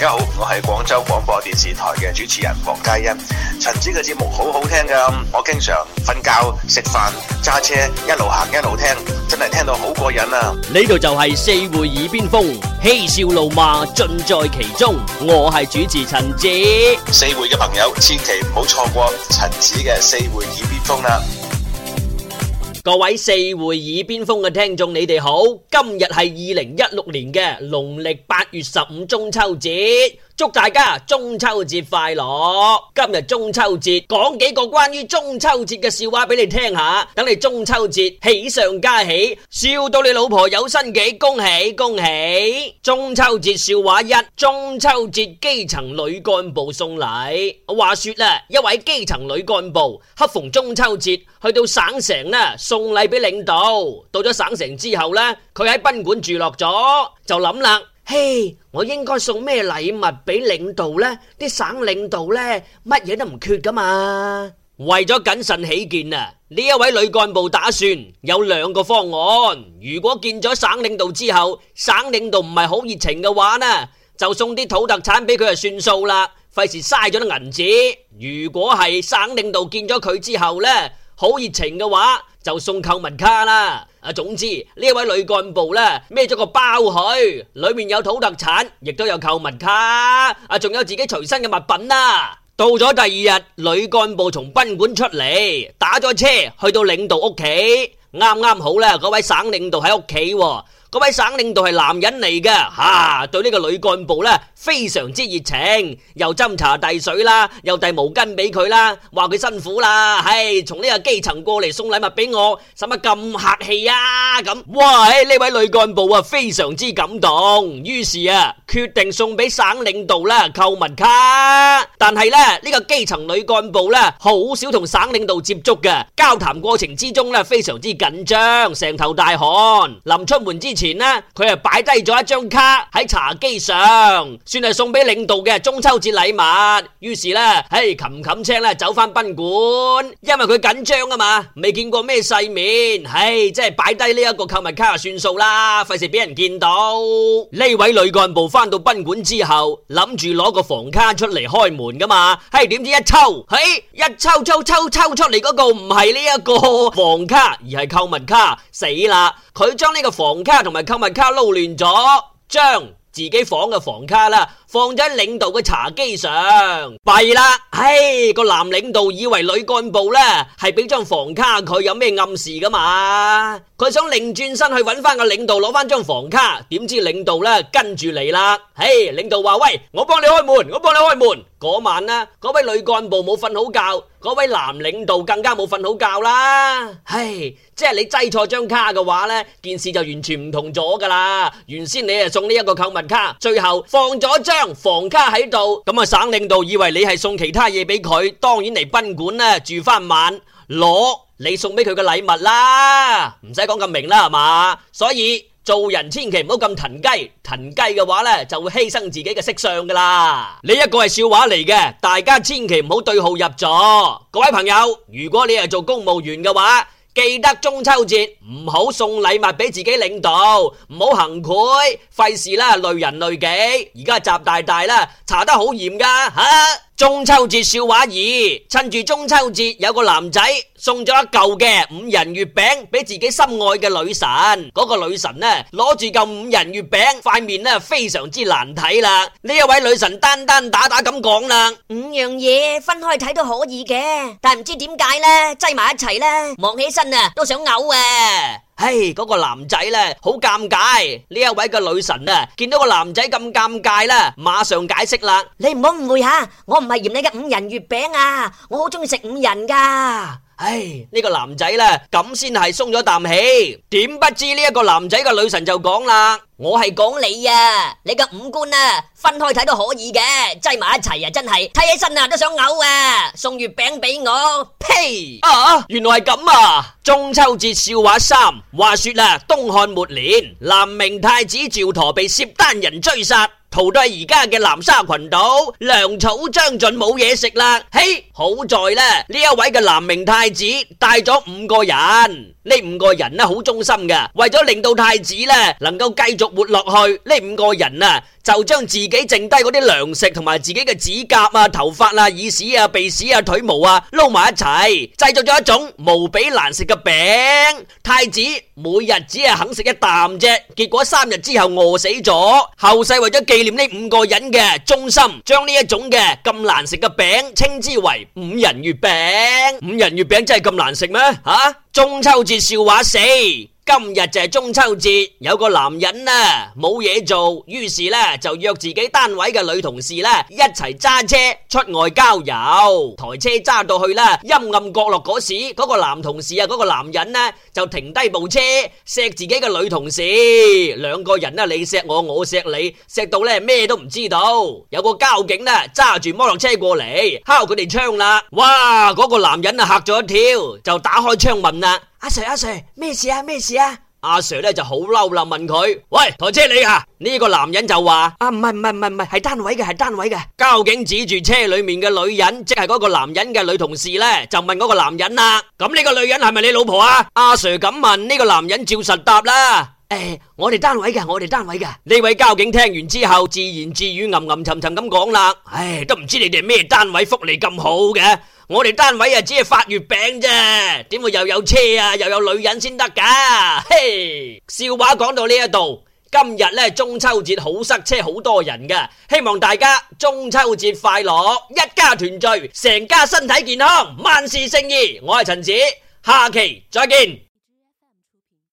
大家好，我係廣州廣播電視台嘅主持人黃佳欣。陳子嘅節目好好聽噶，我經常瞓覺、食飯、揸車，一路行一路聽，真係聽到好過癮啊！呢度就係四會耳邊風，嬉笑怒罵盡在其中。我係主持陳子，四會嘅朋友千祈唔好錯過陳子嘅四會耳邊風啦。各位四會耳邊風嘅聽眾，你哋好！今日係二零一六年嘅農曆八月十五中秋節。祝大家中秋節快樂！今日中秋節，講幾個關於中秋節嘅笑話俾你聽下，等你中秋節喜上加喜，笑到你老婆有身紀，恭喜恭喜！中秋節笑話一：中秋節基層女幹部送禮。話說啦，一位基層女幹部恰逢中秋節去到省城啦，送禮俾領導。到咗省城之後呢，佢喺賓館住落咗，就諗啦。嘿，hey，我應該送咩禮物俾領導呢？啲省領導呢，乜嘢都唔缺噶嘛。為咗謹慎起見啊，呢一位女幹部打算有兩個方案。如果見咗省領導之後，省領導唔係好熱情嘅話呢，就送啲土特產俾佢就算數啦，費事嘥咗啲銀紙。如果係省領導見咗佢之後呢。好熱情嘅話，就送購物卡啦。啊，總之呢位女幹部呢，孭咗個包去，裡面有土特產，亦都有購物卡，啊，仲有自己隨身嘅物品啦。到咗第二日，女幹部從賓館出嚟，打咗車去到領導屋企，啱啱好呢，嗰位省領導喺屋企喎。嗰位省領導係男人嚟嘅，吓對呢個女幹部咧非常之熱情，又斟茶遞水啦，又遞毛巾俾佢啦，話佢辛苦啦，唉，從呢個基層過嚟送禮物俾我，使乜咁客氣啊？咁，哇，呢位女幹部啊非常之感動，於是啊決定送俾省領導啦購物卡。但係咧呢個基層女幹部咧好少同省領導接觸嘅，交談過程之中咧非常之緊張，成頭大汗。臨出門之，前呢，佢係擺低咗一張卡喺茶幾上，算係送俾領導嘅中秋節禮物。於是呢，唉，冚冚聲啦，走返賓館，因為佢緊張啊嘛，未見過咩世面，唉，即係擺低呢一個購物卡就算數啦，費事俾人見到。呢位女幹部返到賓館之後，諗住攞個房卡出嚟開門噶嘛，嘿，點知一抽，嘿，一抽抽抽抽出嚟嗰個唔係呢一個房卡，而係購物卡，死啦！佢將呢個房卡。同埋購物卡撈亂咗，將自己房嘅房卡啦。放咗喺領導嘅茶幾上，弊啦！嘿、哎，個男領導以為女幹部呢係俾張房卡佢，有咩暗示噶嘛？佢想擰轉身去揾翻個領導攞翻張房卡，點知領導呢跟住嚟啦！嘿、哎，領導話喂，我幫你開門，我幫你開門。嗰晚呢，嗰位女幹部冇瞓好覺，嗰位男領導更加冇瞓好覺啦！唉、哎，即係你擠錯張卡嘅話呢，件事就完全唔同咗噶啦。原先你係送呢一個購物卡，最後放咗張。房卡喺度，咁啊省領導以為你係送其他嘢俾佢，當然嚟賓館咧住翻晚，攞你送俾佢嘅禮物啦，唔使講咁明啦係嘛？所以做人千祈唔好咁騰雞，騰雞嘅話呢就會犧牲自己嘅色相噶啦，呢一個係笑話嚟嘅，大家千祈唔好對號入座，各位朋友，如果你係做公務員嘅話。記得中秋節唔好送禮物俾自己領導，唔好行賄，費事累人累己。而家習大大查得好嚴㗎。中秋節笑話二，趁住中秋節，有個男仔送咗一舊嘅五仁月餅俾自己心愛嘅女神。嗰個女神呢，攞住嚿五仁月餅，塊面呢非常之難睇啦。呢一位女神，單單打打咁講啦，五樣嘢分開睇都可以嘅，但唔知點解呢，擠埋一齊呢，望起身啊都想嘔啊！唉，嗰、hey, 個男仔咧好尷尬，呢一位嘅女神啊，見到個男仔咁尷尬啦，馬上解釋啦，你唔好誤會吓，我唔係嫌你嘅五仁月餅啊，我好鍾意食五仁噶。唉，呢、這個男仔呢，咁先係鬆咗啖氣。點不知呢一個男仔嘅女神就講啦：我係講你啊，你嘅五官啊，分開睇都可以嘅，擠埋一齊啊，真係睇起身啊都想嘔啊！送月餅俾我，呸！啊，原來係咁啊！中秋節笑話三，話說啦，啊，東漢末年，南明太子趙佗被薛丹人追殺。逃到而家嘅南沙群島，糧草將盡，冇嘢食啦。嘿，好在呢，呢一位嘅南明太子帶咗五個人，呢五個人呢好忠心嘅，為咗令到太子呢能夠繼續活落去，呢五個人啊就將自己剩低嗰啲糧食同埋自己嘅指甲啊、頭髮啊、耳屎啊、鼻屎啊、腿毛啊撈埋一齊，製造咗一種無比難食嘅餅。太子每日只係肯食一啖啫，結果三日之後餓死咗。後世為咗紀念。呢五個人嘅中心，將呢一種嘅咁難食嘅餅，稱之為五仁月餅。五仁月餅真係咁難食咩？嚇、啊！中秋節笑話四。今日就係中秋節，有個男人啊冇嘢做，於是呢就約自己單位嘅女同事呢一齊揸車出外郊遊。台車揸到去啦，陰暗角落嗰時，嗰個男同事啊，嗰個男人呢就停低部車，錫自己嘅女同事，兩個人啊你錫我，我錫你，錫到呢咩都唔知道。有個交警呢揸住摩托車過嚟，敲佢哋窗啦。哇！嗰個男人啊吓咗一跳，就打開窗問啦。阿 Sir，阿 Sir，咩事啊？咩事啊？阿 Sir 咧就好嬲啦，問佢：喂，台車你啊？呢個男人就話：啊，唔係，唔係，唔係，唔係，係單位嘅，係單位嘅。交警指住車裏面嘅女人，即係嗰個男人嘅女同事咧，就問嗰個男人啦：咁呢個女人係咪你老婆啊？阿 Sir 咁問呢個男人，照實答啦。誒，我哋單位嘅，我哋單位嘅。呢位交警聽完之後，自言自語，吟吟沉沉咁講啦：唉，都唔知你哋咩單位，福利咁好嘅。我哋單位只係發月餅啫，點會又有車啊，又有女人先得噶？嘿、hey!，笑話講到呢一度，今日呢中秋節好塞車，好多人噶，希望大家中秋節快樂，一家團聚，成家身體健康，萬事勝意。我係陳子，下期再見。